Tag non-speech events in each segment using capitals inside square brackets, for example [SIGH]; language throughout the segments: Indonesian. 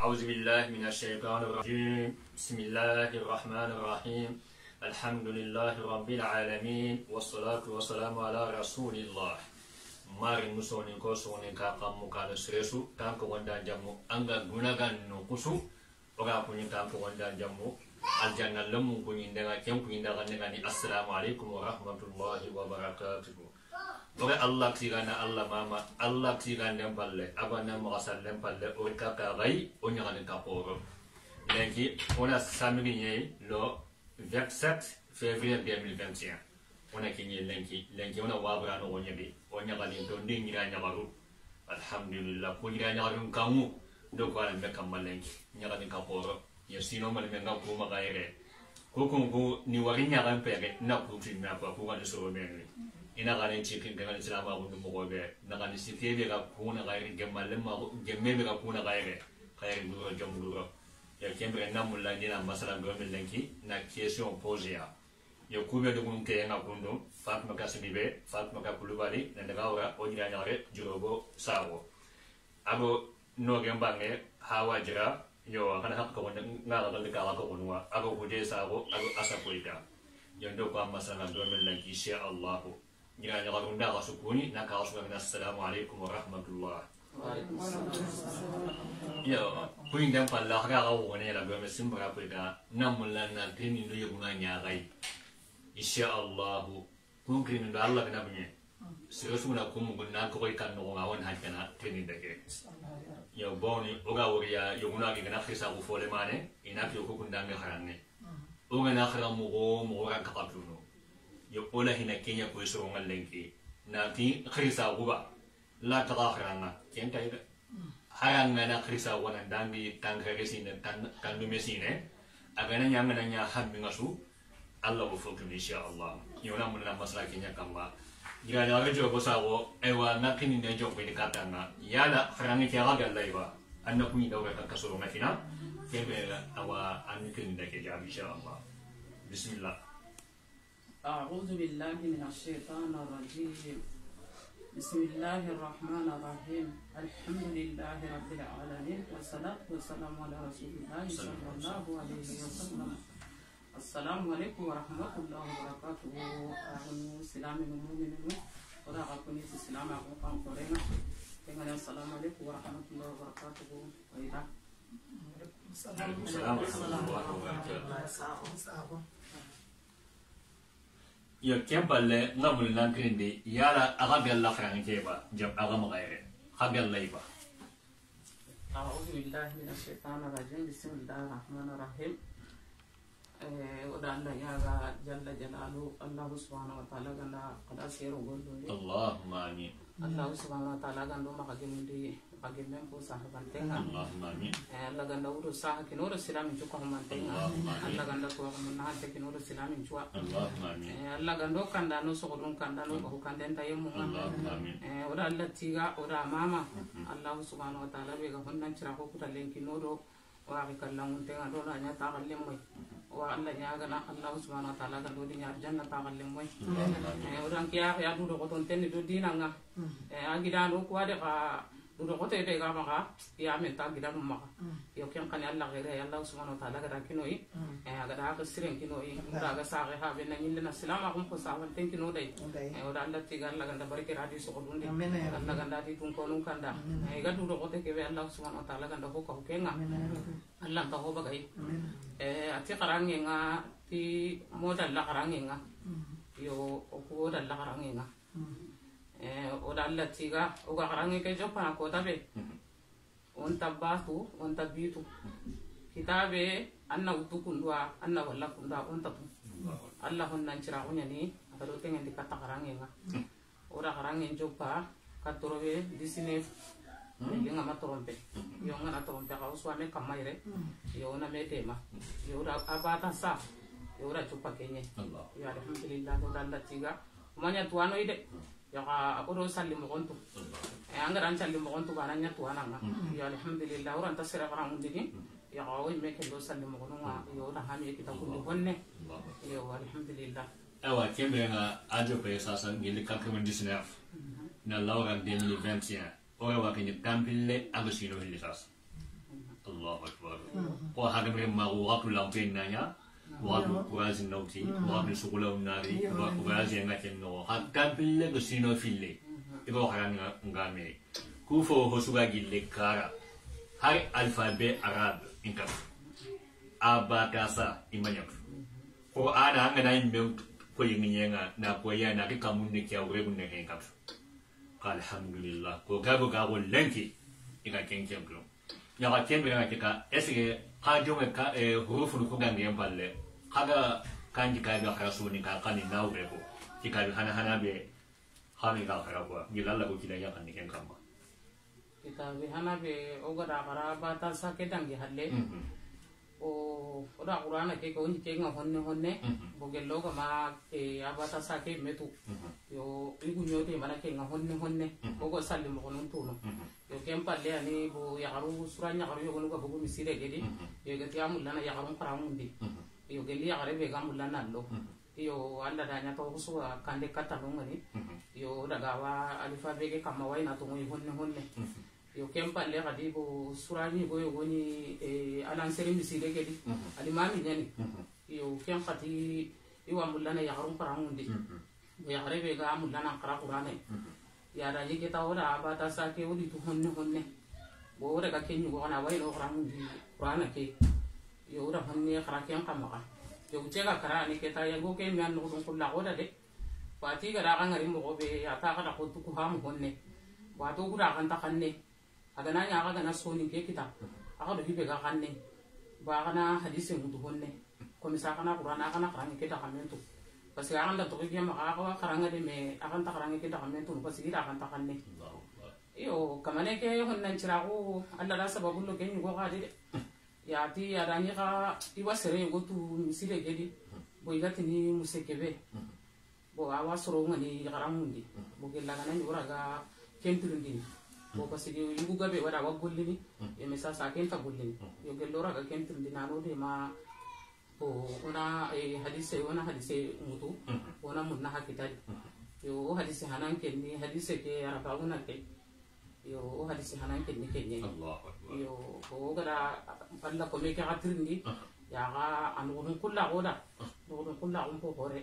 أعوذ بالله من الشيطان الرجيم بسم الله الرحمن الرحيم الحمد لله رب العالمين والصلاة والسلام على رسول الله mari musoni ko soni ka kamu kala sresu tanko wanda jamu anga gunagan no kusu oga kunyi tanko wanda jamu aljanna lamu kunyi daga kempu indaga ne assalamu alaikum wa rahmatullahi wa barakatuh oxe allah na allah mama allah tiganen palle abana maxasallen palle o ka ka xay o ñaxanin ka xooro lenki on a samedi ñey le 27 février 2021 on a kiñi lenki lenki on a waburanoxo ñeɓi o ñaxalin to ndi ñira ñaxaru alhamdulillah ku ñira ñaxarun kanŋu do ko ala mbe kamma lenki ñaxanin ka xooro ye sino mali me nga kumaxayere ku kunku ni wari ñaxan pexe na kutinna quoi kugani soro menui ina gane ci kin gane ci la gundu mo be na gane ci be ga kuna na ga ri gemma le ma gemme be ga ko na ga ri ka ri guro jom guro ya kembre na mulla ni na masala gomme lenki na question posée ya yo kube do gunke yana gundu fatma ka sidibe fatma ka kulubali na daga ora o nyare jurobo sawo abo no gembange hawa jira yo kana hakka wanda ngara da ka waka ya, kunwa abo kuje sawo abo asa koita yo ndo kwa masala gomme lenki insha Allah ñigañaxar unda xa sukuni na kaxa sugangina assalamu aleykum warahmatullah yo kuyinden palla xa kaxa wuxunera gome simbara poyga namulla nankirinindo yeguna ñaxay insha allahu kunkirinindo allah gana buñe siro suguna kumugun nan koxoy kan noxonga won hankana teninde ke yo boni oga woriya yogunagi gana xisaxu folemane ina kiyokukundange xaranne ogana xara moxo moxo ran kaxatunu yo pona hina kenya ko iso ngal lengki na ti khrisa guba la kada khranga ken tai da haranga na khrisa wana dangi tangare sine mesi mesine agana nya na nya hammi ngasu Allah bu ni sha Allah yona mun na masala kenya kamba gira ya da wajo ko e wa na kini ne jo ko ni katanga yala khranga ke ga Allah iba kuni dawra kasoro na fina kebe awa an kini da ke ja sha Allah bismillah أعوذ بالله من الشيطان الرجيم بسم الله الرحمن الرحيم الحمد لله رب العالمين والصلاة والسلام على رسول الله صلى الله عليه وسلم السلام عليكم ورحمة الله وبركاته أهلا سلام المؤمنين ولا أكوني سلام أقوم قرينا السلام عليكم ورحمة الله وبركاته وإذا السلام عليكم ورحمة الله وبركاته yo ke balle nga bul nankirindi yala الله bella krangi keba jab aga magayre ha bella iba أعوذ بالله من الشيطان الرجيم بسم الله الرحمن الرحيم الله يا جل جلاله الله سبحانه وتعالى قد أسير الله اللهم آمين الله سبحانه وتعالى قد ما قدم agendan ko sahabantenga alla eh, ganda wuro urus kinoro silami cuka humantenga Allah ganda ko munahante kinoro silami cuwa alla gando kanda no sogodun kanda no ko kandenta yemunga oda alla eh, tiga oda mama mhm. allah subhanahu wa ta'ala be ga honnan cira ko kutalen kinoro wa ka kallangun tenga do la nya ta kallen mai wa Allah ya gana Allah subhanahu wa ta'ala ga do dinya janna ta kiya ya du do ko ton tenni do dina agida ko ka udah kota tebe ga maka ya men ta gida mun maka mm. yo kyan kan Allah gaira ya Allah subhanahu wa ta'ala gada kino yi mm. eh ya ga da ka sirin kino yi da ga sa ga ha ben nan inna salama kun ko sa wan tinki no dai eh oda Allah ti ga Allah ganda barke radi so ko dunde Allah ganda ti tun ko nun eh ga dudo ko Allah subhanahu wa ta'ala ganda ko ko Allah ka ho bagai eh ati qarange nga ti moda la qarange nga mm. yo ko moda la nga oda eh, allatiga oga karange ke jopa kota be on tabbatu on tabbitu kitabe anna utukundua anna walla kunda on tabu allah hon onya ni akado tengen di kata karange nga hmm. oda karange jopa katrobe disine nggak hmm. iya, nga matorompe hmm. yo iya, nga na torompe ka uswame kamaire yo iya, na metema yo da abata sa yo da chupa kenye ya alhamdulillah oda tiga, manya tuano ide yaxa a kodo salli moxontu an gara an calli moxontu bana ñatuwananga ya alhamdulillah wuranta sira farangundini yaxa wo me ken do salli moxonunga yo naxame kita kundi bonne yo alhamdulillah awa kembe nga ajo pe sasa ngili 99 na laura 2021 ore wakini tampille agosino hilli sasa allah akbar o hmm. hagamre maxu waxatu lampe naña ya? وازنوتي وابن سقولة الناري وازي نكين نو حتى بيل بسينو فيلي إبو حرام نغامي كوفو هسوغا جيل كارا هاي الفابي عرب إنكم أباكاسا إمانيك قرآن هنغنا يمبين koyiŋiyeŋa na koya na ke kamun ne kya wure bunne ken kap ka alhamdulillah ko ga go lenki ina ken ken glo nya ka ken bira ka ka esige ka jonga hurufu ko gangen balle kaga kanji kai ga kara suni ka kani nau be ko ki kai ga hana hana be hami ga kara ko gi lalla ko kida ya kani ken kamba ki ka ga hana be mm-hmm. o mm-hmm. ga ramara ba ta sa ke dang gi halle o o da ke ko ni ke ga honne honne bo ge lo ga ma e aba ta sa ke metu yo i gu ma mana ke ga honne honne o go sallim ko non tuno mm-hmm. yo kem pa le ani bo ya suranya haru yo go no ga bo mi sire ge di yo ga ti amul na ya haru di iyo gelli yagare be ga nallo mm-hmm. iyo anda danya to husuwa kande katalungani mm-hmm. iyo dagawa wa alifa bege kamma wayna tongoyi honne honne mm-hmm. yo ken palle kadi ko surañigoyo woni e alanseri miside di alimami ñani iyo kempa di iwa mullana yagarum parangundi bo yagare be ga mullana kara qurane yada ora woda abata sake wodi tu honne honne bo wodaga ken ñugo lo wayno xaramundi ke yo ra fanni khara ken kam ka yo je ka kara ni keta ya go ke mi an no ko la goda de wa ga ra ngari mo be ya ta ka ko tu ku ha mo honne wa to gura kan ta ne aga na ya aga na so ke kita aga do hibe ga ne ba aga na hadise mu tu honne ko mi sa kana qur'ana aga na ni ke ta kamen tu parce aga na to ma ka wa kara ngari me aga ta kara ke ta kamen tu ko ira kan ta ne iyo kamane ke honne chira ko Allah da sababu lo ke ni go ga de yati aranye ka iwa sere ngo tu misile gedi bo igati ni musekebe bo awa soro ngani garamundi bo gella kana ni uraga kenturundi bo pasigi yugu gabe wada wa gollini e mesa sa kenta gollini yo gello raga kenturundi nano de ma bo ona e hadise ona hadise mutu ona munna hakitali yo hadise hanan kenni hadise ke arabaguna ke yo o hadisi hanan kenni kenni yo o gara balla ko me ah. anu gatirndi kulla a ah. nuxunum kulla nuxunum kullaxum fo xore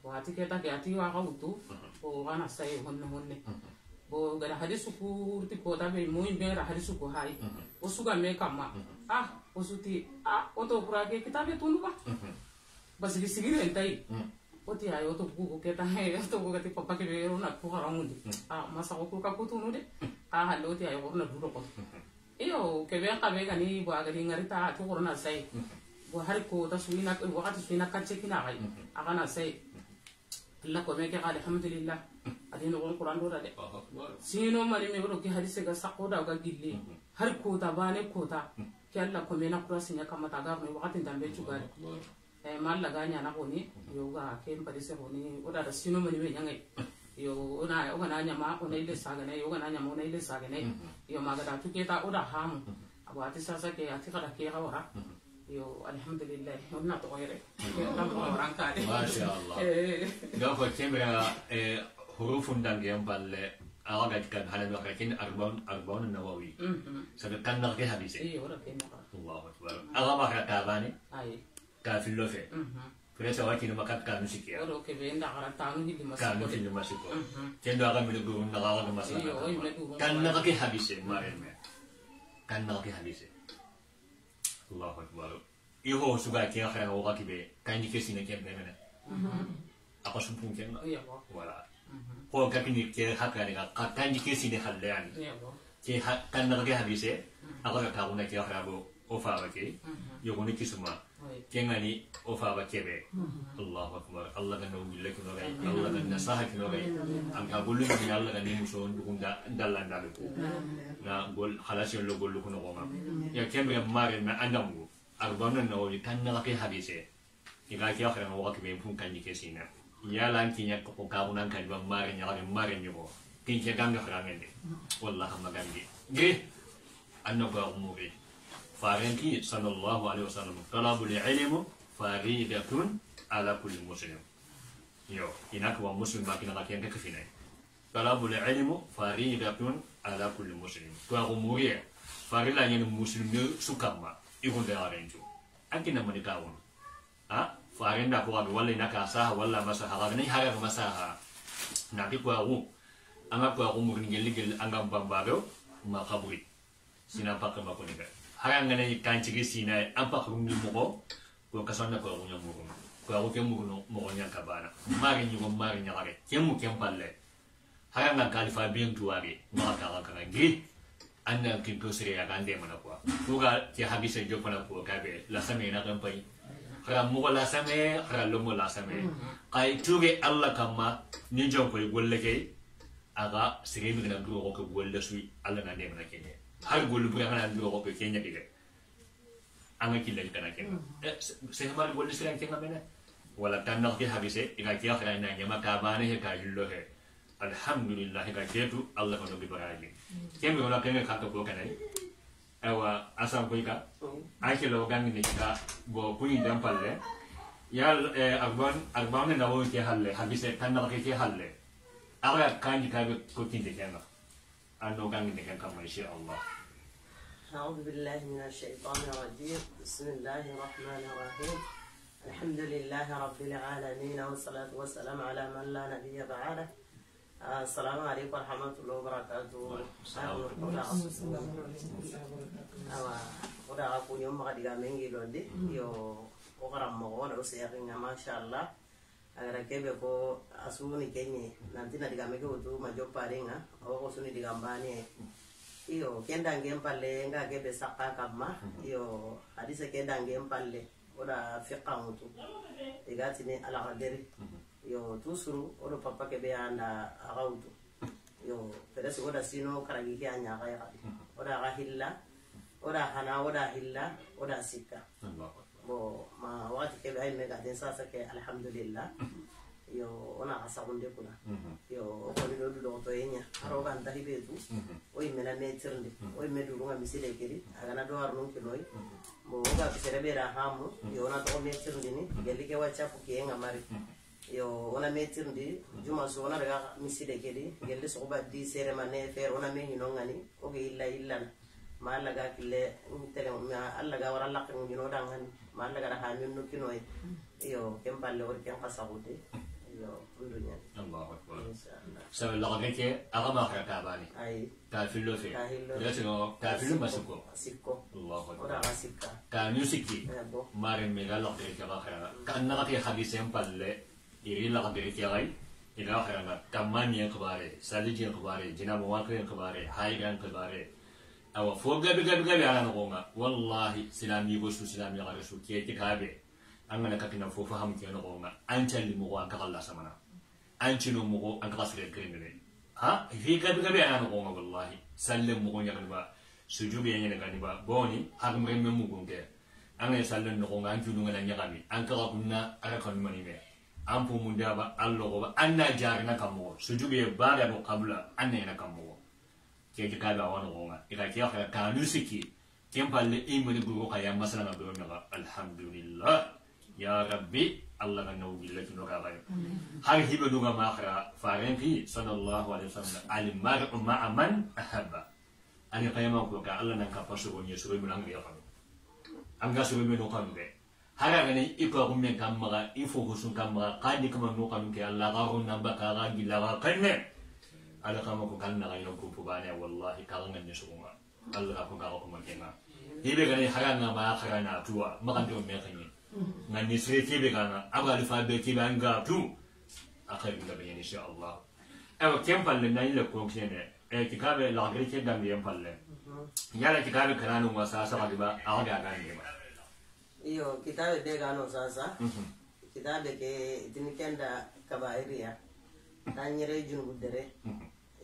waati ke ta ke ati waxa wutu ah. o xana saye honne honne bo gara hadisu ku ti kota be moyin be gara hadisu ku hay o suga me kamma ah o suti ah o to ke kitabe tunu ba basigi sigiri en oti ayo to bugu keta he to bugu keti papa kebe ro na ko haramu ah masa ko ka kutu no de a lo ti ayo na duro ko iyo kebe ka be gani bo aga di ngari ta to korona sai bo har ko ta suina ko wakati suina ka cheki na gai aga na sai la ko me ke ga alhamdulillah adi no qur'an do da de sino mari me ro ki hadise ga sakoda ga gilli har ko ta bane ko ta ke Allah ko me na qur'an kamata ga me wakati dambe Eh, mal laga nyana koni yo ga ken parise koni oda da sino mani me nyangai yo ona o kana nyama ona ile sagane yo kana nyama ona ile sagane yo maga da tuketa oda ham abu ati sasa ke ati kada ke ga wara yo alhamdulillah onna to oyre tam ko orang ka de eh. e, mhm. kan eh, ma sha Allah ga ko kemra eh hurufun yang balle أراجع كان هذا الواقع arbaun أربعون أربعون النووي. سبب كان نرجع بيسي. إيه ورا كين الله أكبر. أربعة كاباني. أي kafillo fe presa wati no makat kanu sikia oro ke be nda kara tanu hili masiko kanu hili masiko tendo aga mi lugu na gawa no masala kan na ke habise mare me kan na ke habise Allahu akbar iho suga ke akhara wa ka be kan ni kesina ke be mena apa sumpung ke na wala ko ka kini ke hakare ka kan ni kesina halle yani ke kan na ke habise aga ka ka una ke akhara bo オファーはけ、横にキスマ、けがにオファーはけべ、Allah mm-hmm. mm-hmm. wa akbar, Allah kan nunggu lek kan. nogai, Allah kan nasahak nogai, kan. angka bulu ni Allah kan ni musuh dukung da dalan dalu ku, na gol halasin lo gol goma, nogoma, ya kembali kemarin na anda mu, arbana nawi kan nalaki ya, habise, ika kia kira ngawak bempun kan dikesina, ya lantinya kepokabunan kan bang marin nyalaki marin nyoko, kincir gangga kerangende, mm-hmm. wallah magambi, gih, umuri farinti sallallahu alaihi wasallam talabul ilmu faridatun ala kulli muslim yo inak wa muslim makina lakian ke kafina talabul ilmu faridatun ala kulli muslim to agumuye eh. farila nyen muslim ne sukama ihun da arenjo akina mani tawon ha farin da ko wala inaka saha wala masaha wala ni haga masaha na ki ko awu anga ko awu murin gel gel anga bambaro sina pakka harangane kancigi sina ampa khurumni mogo ko kasanda ko ngunya mogo ko ago ke mogo mogo nya kabana mari nyugo mari nya lare kemu kempalle haranga kalifa bien tuare ma kala kala ngi anna kandemana ko sire ya gande mana ko ko ga ti hagi se jo pana ko ka be la same na kan pai hara mogo la same hara kai tuge alla kama ni jo ko aga sire mi gna duro ko golle sui alla na har gollu buya kana lu ko ke nya kide anga killa kana ken se hamar gollu siran ken amena wala tan no ke habise ina ke akhira ina nya maka bane he ka yullo he alhamdulillah ka ketu allah ko bi baraji ken mi wala ken ka ko kana ni awa asan ko ka ake lo gangi ni ka bo puyi dampalle yal arban arban na wo ke halle habise tan no ke halle ara kanji ka ko tinde kenga ano gangi ne kan kama insha allah أعوذ بالله من الشيطان الرجيم بسم الله الرحمن الرحيم الحمد لله رب العالمين والصلاة والسلام على من لا نبي بعده السلام عليكم ورحمة الله وبركاته ورحمة الله أوا ودا أكون يوم ما الله منجي لوندي يو وقرأ مغون وسيرنا ما شاء الله agara kebe ko asuni kenye nanti na digameke utu majoparinga awako suni digambani iyo kenda ngempale nga gebe saka kama mhm. iyo hadise kenda ngempale ora fiqa mutu igati ni ala mhm. tusuru ora papa kebe anda agautu iyo peresi mhm. ora sino karagi kia nyaga ora agahilla ora hana ora hilla ora sika bo ma wati kebe hai alhamdulillah yo wona a sagunde kula mhm. yo koninoɗu ɗoxoto yeña aroga mhm. an dahi ɓeetu mhm. o yimmena maitre nde o yimme duruga misile kedi agana do ar nun kinoy bo oga sere ɓeera hamu yo wona toxo maitre ndini gelli ke wa capu ke yenga mari yo wona maitre ndi juma so wona rega misile kedi gelli soxuɓa di serema ne feere wona me hinongani oge yilla yillana ma allaga kille tele allaga wara laqe ngino ɗangani ma allaga ɗa ha min nu kinoye yo ken balle wori ken xa sagude الله اكبر بسبب اللغة اغمى اخر تعباني تعفلو في تعفلو تعفلو ما سكو الله اكبر تعميو سكي مارن ميغا لغة اخر كأن لغة خبيثين بالله يري لغة غي إلى آخر كمان ينقباري سالج ينقباري جناب واقر ينقباري هاي ينقباري أو فوق قبل قبل قبل على نقوم والله سلام يبوشو سلام يغرشو كيتك هابي an gana katina fo fahamu ke nogo nga an challi mugo an kakalla samana an chino mugo an kakasire kirindire ha fi kabi kabi an nogo nga wallahi salle mugo nyakani ba sujube ya nyakani ba boni hakmremme mugo nge an gana salle nogo nga an chino nga nyakami an kakakunna ara kanumani me an po munda ba an logo ba an na jari na kamugo sujube ya bari abo kabla an na yana kamugo ke ji kabi awa nogo nga ika kiya kaya kanu siki kempalle imani gugo kaya masala nga biyo naga alhamdulillah يا ربي الله غنو بالله نغاغي هر هبه دوغا ماخرا فارنكي صلى الله عليه وسلم المرء مع من أحب أنا قيما كوكا الله نكا فاشو بني سوي من أنغي يفهم أنغا سوي من نقام بي هر غني إبا هم كام مغا إفو غسون كام مغا قادي كما نقام كي الله غارون نبا كاغا جلا غاقن على قيما كوكا نغاي نكو فبانا والله كاغن نسوما الله غاكو غاكو مكينا هبه غني حرانا ما أخرانا توا مغا دوم ميخيني nga nisire kebe kana aga alifa be kebe an ga tu akai ga bayan insha Allah ewa kem palle nan ile ko kene e eh, kitabe la gari ke dan biyan palle yala kana kananu wasa sa ba aga ga ne ba iyo kitabe de gano sasa mhm. kitabe ke tinikenda kabairia tanyere junubu dere mhm.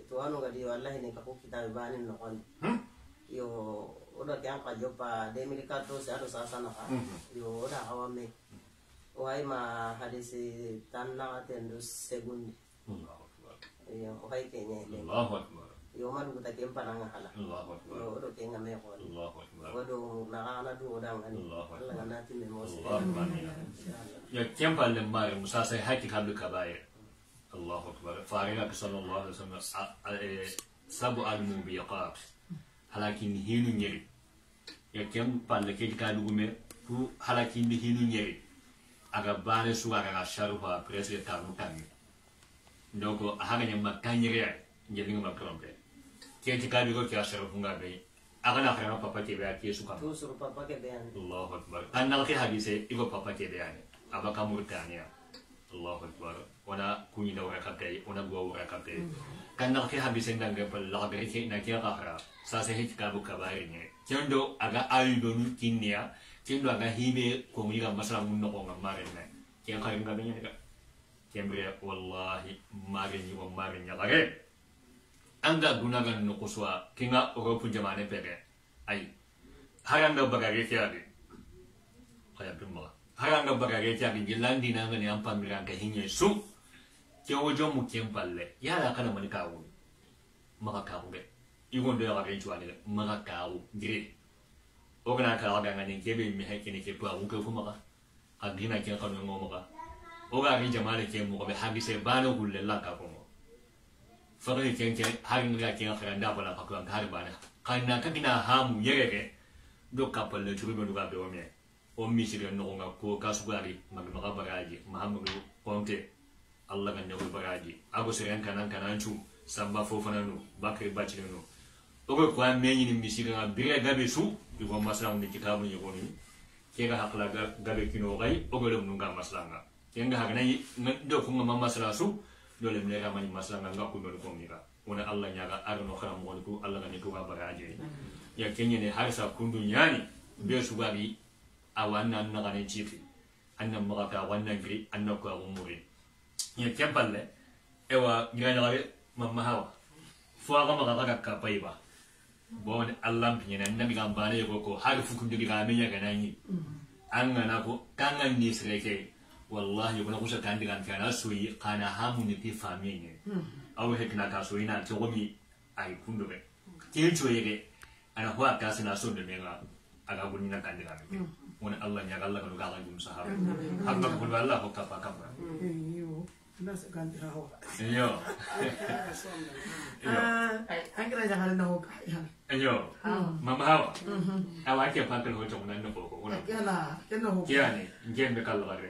to wanu gadi wallahi ne ka ko kitabe banin no kon hmm? iyo oɗo ke an ka joppa 2014 aɗo sasana ka yo oɗa hawa me o hay ma hadisi tan naxa ten ɗo segunde yo o hay ke ñeɗe yo maɗuguta ken pananga xala yo oɗo ke nga me xoone oɗo naxaxana du oɗangani allah ga iya, natime mosyo kempalle mbaare moussa say hakki kamɓe kabaye allahu akbar kan. ya, farinaɓe sallallahu Alaihi Wasallam eh, Sabu al almubiqat halakin hinu ñeri e kem palle keji ka dugume fu halakindi hinu nyeri aga bare suwa kaga sharu fa ndoko karnu kangi donc nyeri ñamma nyeri njeliŋ ma trompe keji ka dugo ke a sharu funga be aga na xarana papa ke be a ke su kam allahu akbar an nalke hadise ibo papa ke be ane aba ka murtaniya allahu akbar ona kuñina worekate ona guwa worekate kannar ke habisen dange pal lagre ke na ke kahra sa se hit kabu kabari ne kendo aga ayudo nu kinnia ya. kendo aga hime ko mi ga masala mun no ko ngamare ne ke ka ga benya ga kembre wallahi mare ni wa mare nya lagre anga gunaga no kuswa kinga europe jamane pege ai haranga bagare ke abi kaya bimma haranga na ngani ampa miranga hinye sum ke w a j o mu ke m balle yara kana mani kawo maka kawo ge igon da y a k a ga juwa ne maka kawo gire o kana k a w a ga ngani ke be mi hakki ne ke ba w u ke f u m a ka agina ke kanu ngo maka o ga ri j a m a l e ke mu be hagi se b a n o gulle la ka ko fagre ke ke hagi ga ke n g a da bala ka ka har i bana kana ka kina ha mu yege ge do ka palle turu be do ga be o mi o mi sire no ga ko ka sugari magi m a g a bagaji mahamudu konte allah ganda ko baraji ago so kanan kanan cu samba fofana no bakri bacire no ogo ko amenyi ni misiri na bire gabe su igo masalamu ni kitabu ni goni kenga hakla gabe kino gai ogo le munga maslanga kenga hakna do ko ngama masala su dole mne ga mani maslanga ga ko no ko ngira wona allah nyaga arno khara mo ko allah gani ko baraji ya kenye ne harsa kundu nyani be su gabi awanna nagane chifi annan magata wannan gri annan ko agumuri nya kempalle ewa girañaxaɓe mamma hawa fo axa ka xaga kapayiba bon allah na annabi ga mbane yego ya ko har fukum jogi ga amenya ka nanyi anga na ko kanga ni sreke wallahi kuna kusha kandi kan kana soyi kana hamu ni pifa menye awu kina ka suyi na to gomi ai kundo be tiyo yege ana ho aka sina so mega aga guni na kandi ga me wona mm. allah nya ga allah ka ga ga gum sahaba har na allah ho ka pa ka الناس عندها هو ايوه انقرا اذا قال انه هو يعني ايوه ما ما هو او اكيد فاكر هو جمنا انه هو لا انه هو يعني جيم بقال غير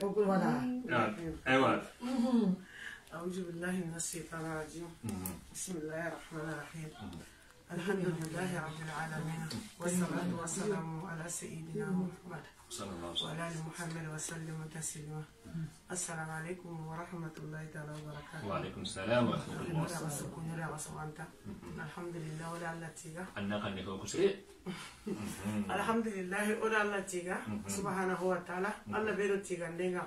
ايوه أعوذ بالله من الشيطان الرجيم بسم الله الرحمن الرحيم الحمد لله رب العالمين والصلاة والسلام على سيدنا محمد وعلى آل محمد وسلم تسليما السلام عليكم ورحمة الله تعالى وبركاته وعليكم السلام ورحمة الله وبركاته الحمد لله ولا التيجا الحمد لله ولا التيجا سبحانه وتعالى الله بيرو تيجا نيجا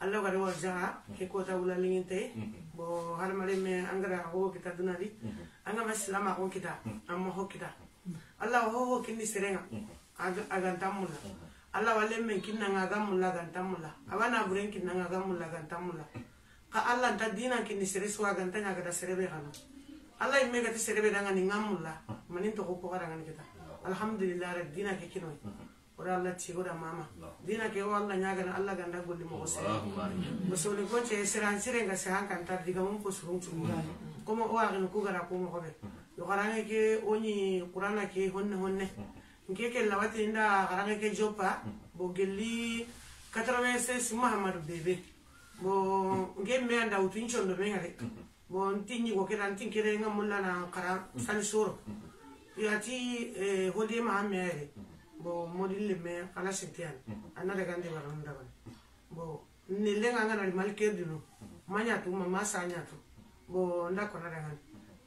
alla kada wa jaha ke kota wula linginte mhm. bo harmare me angara ho kita dunari mhm. anga ma silama ho kita mhm. amma ho kita alla ho ho kinni serenga aganta mulla alla wale men kinna nga gamulla ganta mulla abana buren kinna nga gamulla ganta mulla ka alla ta dina kinni sere suwa ganta nga kada serebe hanu alla imme gati serebe danga ni ngamulla manin to ko ko kada ngani kita alhamdulillah dina ke kinoi oɗo allah ti oɗa mama dina ke o allah ñagana allah ganda golli mo o sere mo sowni gonce e seransirenga se han tar diga mum ko surumcumugani comme mm-hmm. o axin kugara kumoxoɓe mm-hmm. yoxarange ke oñi qurana ke honne honne mm-hmm. nke ke lawati nda xarange ke joppa bo gelli 96 mahamadou bébé bo nke me anda wutu ncondo menga de bo nti ñigo keta nti nkerenga mullana xara sani soro yati hodie maxa bo modil le me ala sintian mm-hmm. ana daga ndi ba ngam daga bo ne le nga ngana mal ke dino mm-hmm. manya tu mama sa nya tu bo nda ko na daga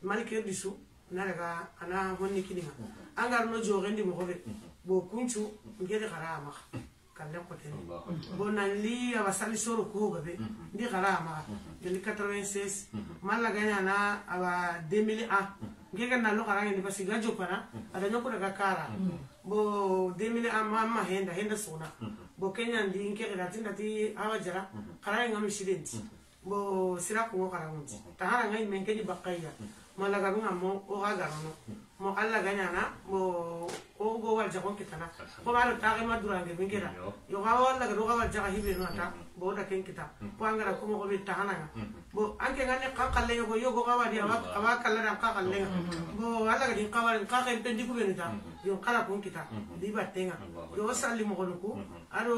mal ke disu na daga ana honni kidima angar no jo rendi mo hobe bo kunchu ngere garama kalle ko ten bo nan li mm-hmm. aba sali soro ko gabe ndi garama ndi 96 malla ganya na aba 2001 ngega na lo garanga ndi basi gajo kana ada nyoko daga kara bo demine amma henda henda sona mm-hmm. bo kenya ndi nkekega lati awa jara mm-hmm. karaye nga misidenti mm-hmm. bo sira kungo nga tahara di bakaya mala ga nga mo o no mo alla na mo o go walja jago kitana ko ta ga madura nge bingira yo ga walla ga ro ga walja hibe no ta Hmm. bo da ken kita ko an gara kuma ko hmm. bo anke ke ngane ka kalle go yo go gawadi awa hmm. awa kalle ram ka kalle bo ala ga din kawari ka ken ten ku be yo kala kun kita di ba yo salli mo ko aro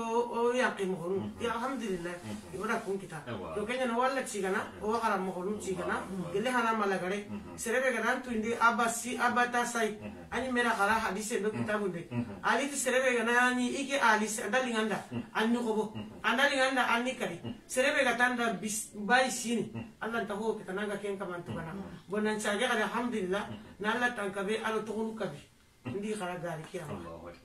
o ya ke mo ko ya alhamdulillah yo da kita eh, yo kenya no wala ci gana o gara mo ko ci gana gele hana mala gare serebe ga nan tu indi abasi abata sai ani mera gara hadise be kitabu be ali serebe ga nan ani ike ali dalinganda anni ko bo andalinganda a n i k a r i serebe ga tanda bis b a i s i n a l l a ta ho ke tananga ken kaman to kana bonan sage kada alhamdulillah na a l l a tan kabe a l o to hun k a b i ndi khara gari k i y a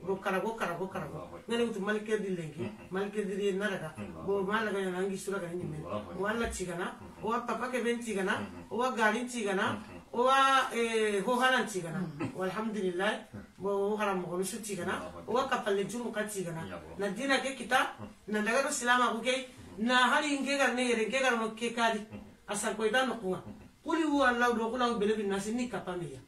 go kara go kara go kara go n g a n e utu malike dilengi malike diri naraga b o malaga yana ngi sura ga nyime wala chigana wa papa ke ben chigana wa gari chigana owa hoharan tigana walhamdulillah bo hoharan mogonusu tigana owa kapallencumu ka tigana na dina ke kita na daga do silamaku ke na hali nkegar ne yere nkegarno ke kadi asankoyta nokunga kuli huwa allahu do kulahu belebi nasi ni kapameya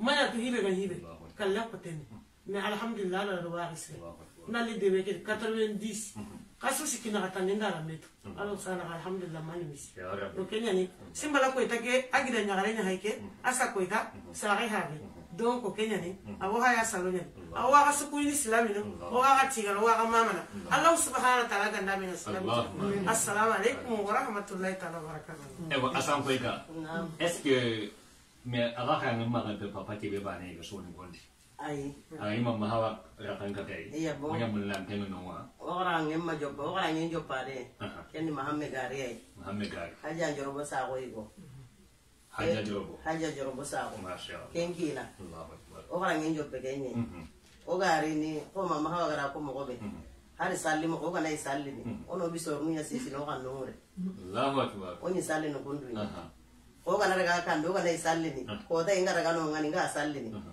mayatu hibe gan hibe kalla kotene mais alhamdulillah ala do wagisire nali debe ke 90 kasu sikina katangenda arametu alo sana alhamdulillah mani misi do kenya ni simbala ko itake agida nyagare nya haike asa ko ita sare habe donc ko kenya ni abo haya salonya awo aga sukuni islami no o aga tiga o aga mama na allah subhanahu wa ta'ala ganda min islam assalamu alaikum wa rahmatullahi ta'ala wa barakatuh ewa asan ko est ce que mais aga hanga maga de papa tibe bane ga soni gondi ay ma ma hawa rakan ka tay iya bo wanya mun lan tenu no ngem joba jop orang ngem jop pare ken ma hamme gari ay hamme gari sa igo haja jobo? bo haja sa mhm. ko mashallah ken allah akbar orang ngem jop ke ni o ma gobe mhm. hari salli mo ko ga nay salli mhm. ono bi so mu no kan nore allah akbar oni no ni ga ga ko da inga ni ga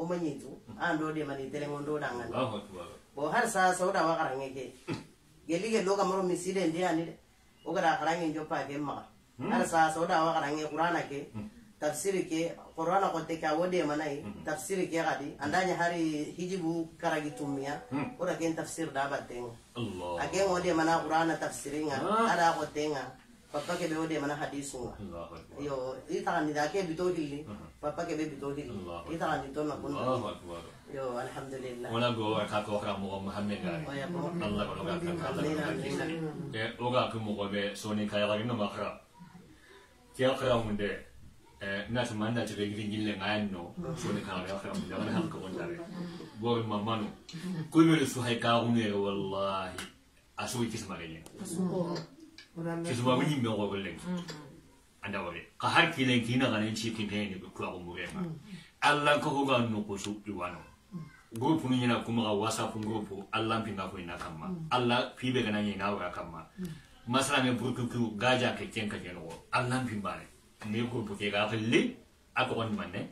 o manyitu hmm. an do de mani tele ngondo dangan bo har sa sauda wa karange ke hmm. geli ke. loga maro misile ndi ani de o gara karange jo pa ma hmm. har sa sauda wa karange qur'ana ke Tafsir ke qur'ana ko te ka wode manai Tafsir ke gadi andanya hari hijibu karagi tumia ora ken tafsir da batenga allah age wode mana qur'ana tafsiringa ah. ada ko tenga papa ke be mana hadisunga yo ini tangan di da ke dili, papaga bay bidoohin idacan idona kun yo alxamdulilah wanaagoo waxaa ka horaa muqo mahadnagaay oh, allagan ogaakaaalaganhadkiisani ee ogaaki muqobe soninkaayaqarinoma aqra ti aqramunde e, naata maandaajire giringille ngayanno soninkaaqari aqramunde agana halka ondare gori mamanu kumiru suhay kaaqunere wallahi asugikismagaye kisuma kunyimme qogolleng mm-hmm. andawore ka har kilen kina ganen ci kimpeni ko ko murema allah ko ko ganno ko su iwano groupe nu ñina kuma ka whatsapp groupe allah pinga ko ina kamma allah fibe gana ñina wa kamma masala me burku ku gaja ke ken ka ken ko allah pimbare ne groupe ke ga fili akon manne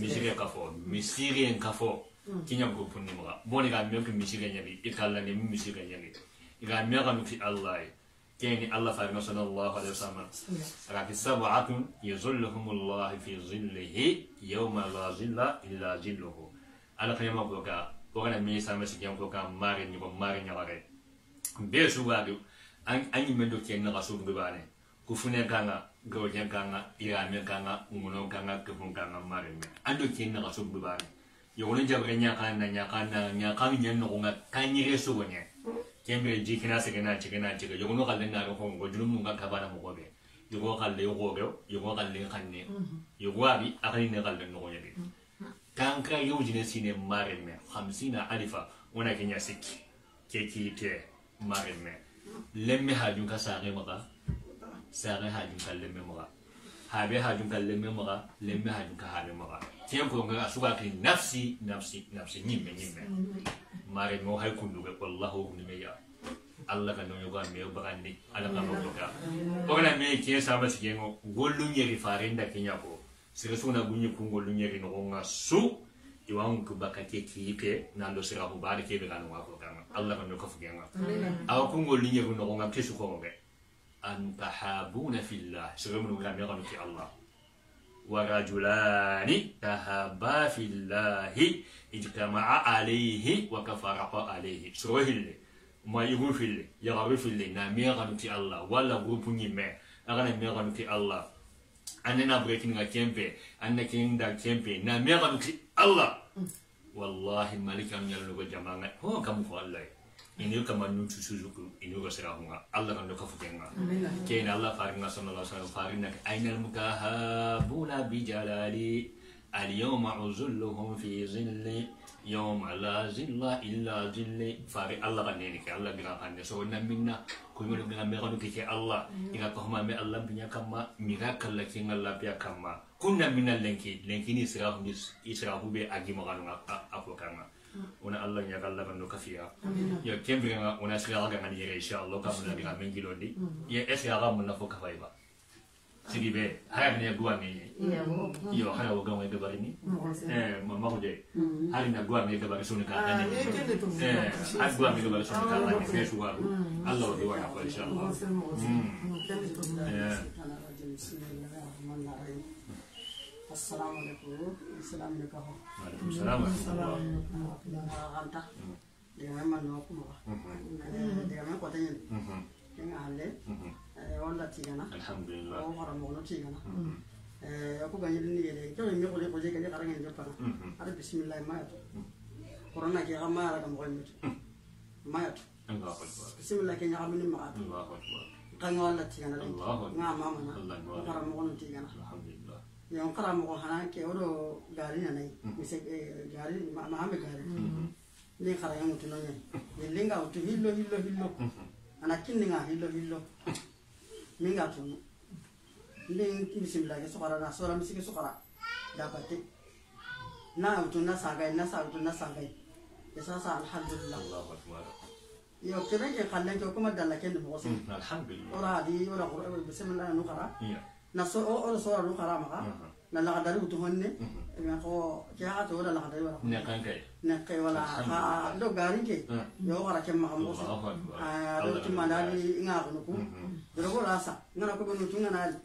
misiri ka fo misiri en ka fo kinya groupe ni mo ga boni ga mi ko misiri ñali ikalla ne misiri ñali ga mi ga mi fi allah كين الله فارغ صلى الله عليه وسلم راك سبعة يظلهم الله في ظله يوم لا ظل إلا ظله على قيام بوكا بوكا ميسا مسك يوم بوكا مارين يوم مارين يواري بيسو وادو أن أني من دوتي أن رسول بباني كفنا كانا غوجا كانا إيرامي كانا أمونو كانا كفن كانا مارين أن دوتي رسول بباني يوم نجاب نيا كانا نيا كانا نيا كانا نيا كانا نيا كانا نيا كانا kembe jikina segena chikena chike yogo no kalle na ko ngo julum nunga kabana mo gobe yogo kalle yogo go yogo kalle kanne yogo mm-hmm. abi akali ne kalle no yede kanka yujine sine marime 50 alifa una kenya siki keki te marime lemme hajun ka sare maka sare hajun kalle me maka habe hajun kalle me maka lemme hajun ka habe maka تيم كونغا سوغا كي نفسي نفسي نفسي نيم نيم ماري مو هاي كوندو والله نيميا الله كان نيوغا ميو باغاندي انا كان نوغا اولا أنا تي سابا سيغو غولو نيري فارين دا كينيا بو سيغا سونا بوني كونغو لو نيري نوغا سو يوان كو باكا تي كي كي ناندو سيغا بو باري كي بيغان نوغا كو كان الله كان نوكو فغي نوغا او كونغو لو نيري نوغا تي سوكو نوغا ان تحابون في الله سيغا مو نوغا ميغا نوكي الله ورجلان تهابا في الله اجتمعا عليه وكفرقا عليه سروهل ما يقول في يغفل يغفل ناميرا نتي الله ولا غروب نيمة أغنى ميرا نتي الله أننا بريكين كيمبي أننا كيندا كيمبي ناميرا نتي الله والله مالك أمي الله جماعة هو كم الله inu kama nu cucu zuku inu ka sira hunga Allah kan doka fukenga kain Allah faringa sallallahu alaihi wasallam faringa ainal mukahabuna bijalali اليوم عزلهم في ظل يوم لا ظل إلا ظل فاري الله غنينك الله غنا غني سو نمنا كل من غنا مغنو كي الله إذا كهما من الله بنيا كما ميرا كلا كي الله بيا كما كنا من لنكي لنكي نسرهم يسرهم بأجي مغنو أفوكما una allah nya kala bandu kafiya ya kembre nga una sira ga ngani yere insha allah kamu lagi ga men gilondi ya esira eh, ga mun na fo kafai ba sigi be haya ne gwa me yo haya wo ga mo ga eh mama ma ko je hali ini gwa me ga bari sunu ni ah, ya, eh hali gwa me ga bari sunu ka ni be shuwa hmm. allah doa wa hmm. ya ko insha allah السلام عليكم السلام عليكم وعليكم السلام عليكم السلام عليكم السلام عليكم السلام عليكم قدين دعما هلا والله تيجانا الحمد لله وغرا مغنو تيجانا آه، أكو غني لني يلي كم يمي قولي قولي كذي كارين يجوا برا هذا بسم الله ما يتو كورونا كي غما على كم غني ما يتو بسم الله كي نعمل ما يتو الله أكبر كان والله تيجانا الله ما ما ما وغرا مغنو تيجانا الحمد لله yan qara mo hananke odo garinanai mise garin maame garin ni qara yan utunonya nilinga utu hillo hillo hillo ana kinninga hillo hillo minga tunu ni bisimila ke sokara na sora misike sokara dabate na utu na sagai na sa utu na sagai yasa sa alhamdulillah Allahu akbar iyo kiranke qallanke kuma dalaken mo alhamdulillah ora di ora bismillah nu qara نصو أو أو صور يعني لو خرام خا نلا قدرو تهني نخو جاء تورا لا قدرو ولا نقن كي نقي ولا خا لو غارين كي يو غرا كم مغموس آه لو تما دالي نعرفنكم درو لا سا نعرفكم نتونا نالي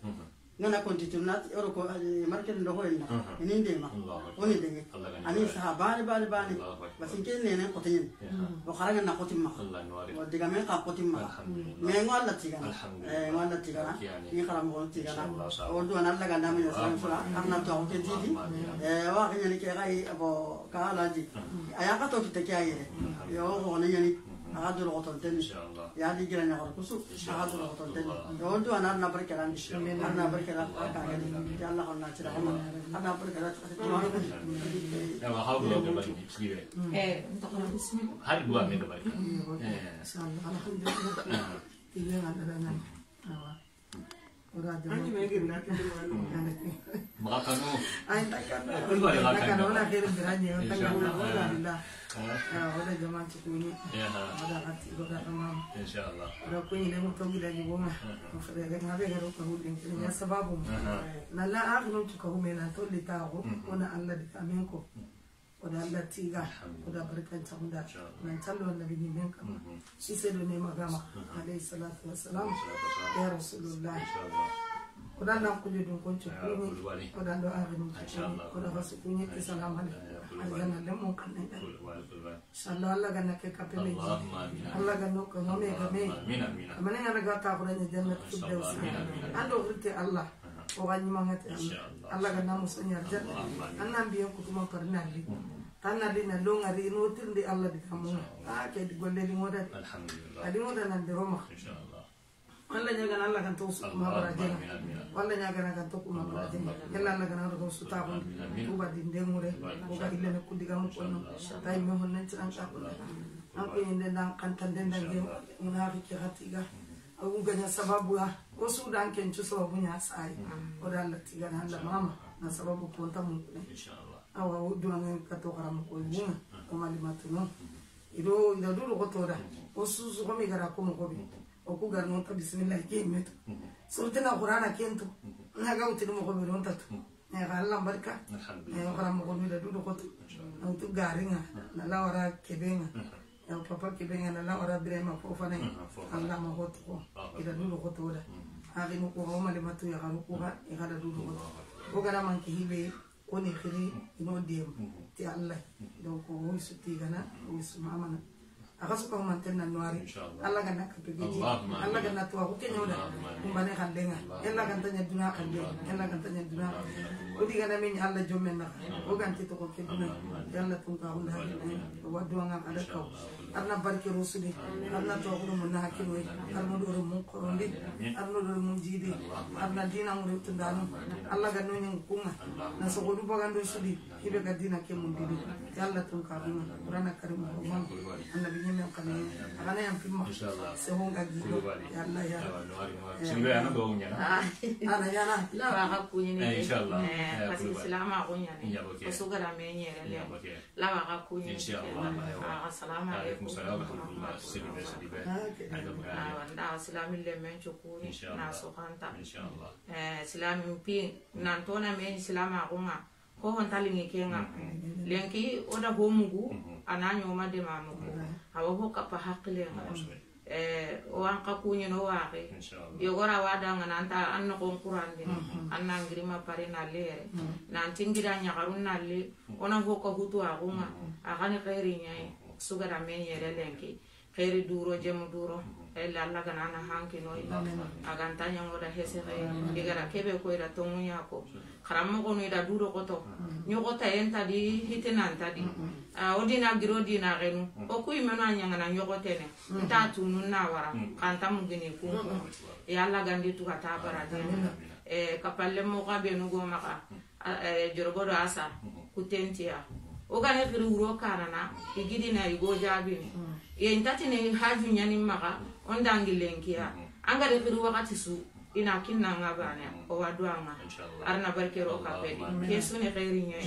nana kontitirnat ero ko markel ndo hoyna ni ndema oni dengi ani saha bani bani bani basin ke ne ne kotin o kharaga na kotin ma o diga me ka kotin ma me ngol la tiga eh ngol la tiga ni kharam ngol tiga o do na la ganda me sa sura amna to ko tidi eh wa ke ni ke gai abo ka la ji aya ka to ki te kya ye yo ho ne ni a h d ı r otur demiş. Yani girene korkusu bahadır otur demiş. Yordu anar nabır kelam. Anar nabır kelam. Allah onlar çıra. Anar nabır kelam. Ya havlu da bari içliye. Eh, Her bu amel bari. Eh. Elhamdülillah. İyi var ben. Ah, no, [LAUGHS] no no, Makano. Ya ah. Ah. no, que no, no, ودعنا تيجا ودبركة تمدا من تلو النبي منك شيسلوني مقام عليه الصلاة والسلام يا رسول الله kodan nan kuje dun kunce kuni kodan do an rinu kuni kodan fasu kunye ke salam hali aljanna le mun kan nan inshallah Allah ga nake ka pele Allah ga nokko no me ga me amana ya raga ta kodan ya janna tu de usi an do Allah o ga nyima ngate Allah ga namu sanya aljanna an nan biyan ku kuma karna li tanna na longa rino tirde allah di kamuna a kadi golle ɗi moɗani aɗi moɗanande roma allah kan taw sutumabara jena walla ñagana kan taw kumabara jena yalla allah gana ɗo kan sutakonde tuɓadi ndemure oga illene kuddiga mukkonno tawi min hon nentiran ɗakoɗa an ko yinde ndan kanta ndendan ge munafiki hatiga awuganya sababu na ko sababu na sababu konta Awa ou dwan gen kato wakara moko e munga, mm-hmm. O mali matu nou. Mm-hmm. I do idadulu koto ora, mm-hmm. O susu komi gara kou mokobi, Oku gara mokobi, bismillah, ike mweto. Souten akurana kento, Nga gauti mokobi lontatu, E gara lambarika, E okara mokobi idadulu koto, Aoutu garinga, nalawara kebenga, E wapapa kebenga, nalawara brema poufanay, A la mokoti kou, idadulu koto ora. Awe mokoka, o mali matu, E gara mokoka, idadulu koto. Okara manki hibe e, kone kiri ino diyem mm-hmm. ti allah mm-hmm. donc gana o suma mana? aga sukahuman na noari allah gana ganna kapegeti allah gana ganna tuwaku keñoda kumbane xallenga ella tanya duna xallenga ella tanya duna o gana min allah jomen na o ganti ko ke duna yalla tunkaxundaxina wa duwangam ada kaw arna barke rusude arna tokuro mun hakiroy arna do mun korondi arna do mun jidi arna dina mun dano alla ga no kuma na so godu bagando sudi ibe ga dina ke mun didi yalla tun ka dum qur'ana karim ko man bi nyen men kan ana yam ma se hon ga yalla ya sinbe ana do mun yana ana ah, yana la wa ga kunyi eh, eh, eh, ni inshallah parce que salama ko nyane so ga la le iya, la wa ga kunyi inshallah ya assalamu alaikum musalawa alhamdulillah sili bɛ sili bɛ a yɛrɛ bɛ k'a ye. nda silamɛ lɛmɛ cogo n'a sɔgɔn ta silamɛ pin ta lengi kɛ nka lengi o da ko mugu a n'a ɲɔgɔn dɛmɛ ka yogora na ngirima na ona fo ka hutu axunga axani sugara men yere lenki xeri duro jemu duro ella alla ganana hanki no ila aganta nyango da hese re digara kebe ko ira duro koto nyogota ta enta di hitena enta di a ah, odina giro di na renu o kuy kanta mu ku e alla gandi tu eh, kapalle mo ka be nu maka ah, eh, jorogodo asa kutentia okanekiri wuro kanana igidina igo jabin mm. ye ntatine haju nyani maga ondangilenkiya mm-hmm. angarekiri wakati su ina kinnanga bana mm-hmm. owaduanga arina barikero okapedi kesu ne kairi nye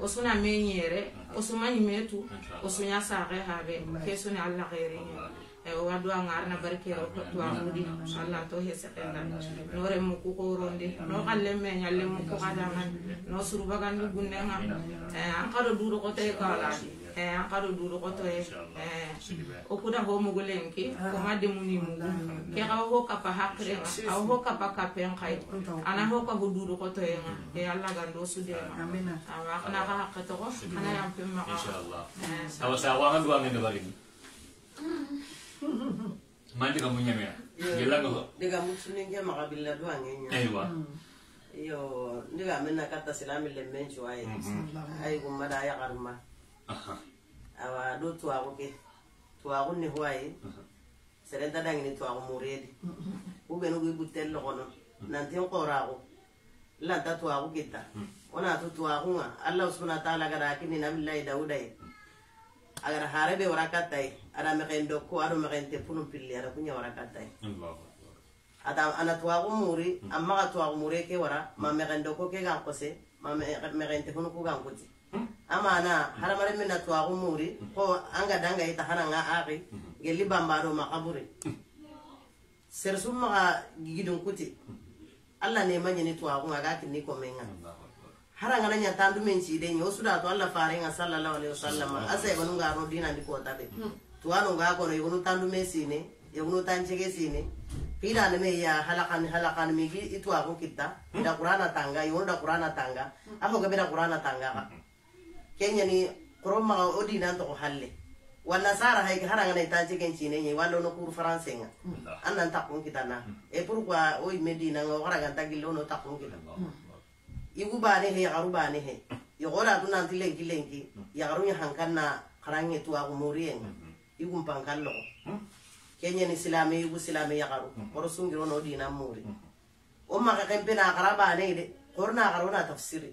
osuna menyere osumanyimetu osunyasage habe kesu ne alla kairi nye Eh, o dua ngar na barke o towamudi allah to hesetendan no remmu ku koronde no xallen me ñallenmu ku xadangan no surubagandi gunnenga an xaɗo duɗo xotoye kawalaɗi an xaɗo duɗo xotoye o kuda ho mugulenki ah. koma demuni mugu ke xa ho kappa haqrenga a ho kappa kappen xay ana ho ka ho duɗo xotoyenga e allah gando sudenga awa xana xa haqe toxo xana yampen maxaa awa saxo anga manje kamunyamira ngelangako ndikamuthunenkia makabila lwangenya aiwa iyo mm. ndikamena kataselamile mmenje waye mhm. mm-hmm. ayikumala ayakaruma awa do twaku ke twaku ni hwaye serenta dangini twaku muredi mm-hmm. ubeni kuibuteli lokono mm. nanti nkoraku lanta twaku kita mm. onatu twakunga allah subhana wa taala kadakininabillahi dauda ye agara harebe warakatay ada mexen do ko ado mexen te punum pilli ada kuña warakatay ada ana tuwaxu muri amma xa tuwaxu mure ke wara ma mexen do ko ke gan kose ma mexen te funu ku gan kuti ama ana na hadamaren mena tuwaxu muri ko anga danga ita hananga axi gelli bambado maxaburi sersum maxa gigidun kuti alla nema ñeni tuwaxunga ga kinni komen ga hara ngana nya tandu men ci den yo suda to Allah fare nga sallallahu alaihi wasallam asa e banu ngaro dina di ko tabe to ano ga ko yo tandu men sine yo nu tan pira ne me ya halakan halakan mi itu aku kita hmm. da qur'ana tanga yo hmm. da qur'ana tanga Aku ga beda qur'ana tangga ka hmm. kenya ni qur'an ma o dina to ko halle wala sara hay hara ngana tan chege cine ni wala no kur france nga annan kita na e pourquoi medina nga hara nganta gillo kita igu bane he yagaru bane he yagora tu nanti lengi lengi yagaru ya agu muri eng mm-hmm. igu pangkal lo mm-hmm. kenya ni silame igu silame yagaru koro mm-hmm. muri oma ka kempe na agara bane na agaru na tafsiri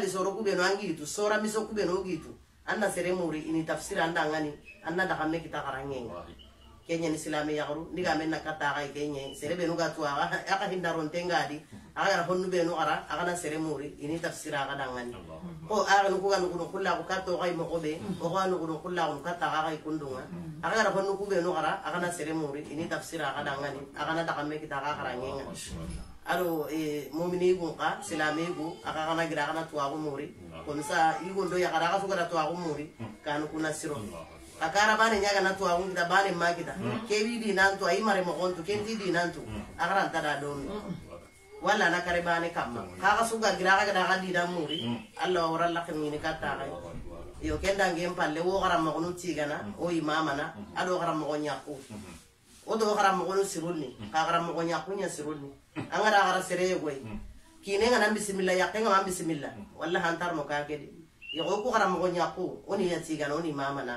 li soro kube no angi itu sora miso kube gitu anna sere muri ini tafsir anda ngani anna dakame kita karangi kenyani silame yagaru ndiga men nakata kenye sere benu ga tuwa aka hindaron tengadi aka honnu benu ara aka na sere muri ini tafsira ga dangani ko aka nuku ga nuku kulla ko kato ga mo obe o ga nuku kulla ko kata ga ga kundunga aka ra honnu ku benu ara aka na sere muri ini tafsira ga dangani aka na dakamme kita ga ga nyenga aro momini gun ka silame gu aka kana gira kana tuwa ko muri kon sa igun ya ga ga tuwa ko muri kanu kuna siro akara bane nyaga na tuwa bane magida mm. kewi nantu a imare mo kontu kenti akara ntada don mm. wala na bane kamma kaga suga gira kaga gadi da muri allah wara la kemi ni yo kenda ngem palle wo gara mo tigana o imama na ado gara mo nyaku o do gara mo kunu siruni gara mo nyaku nya siruni angara gara sere yoy kine ngana bismillah yakenga bismillah wala hantar mo kake yo ko gara mo nyaku oni ya tigana oni mama na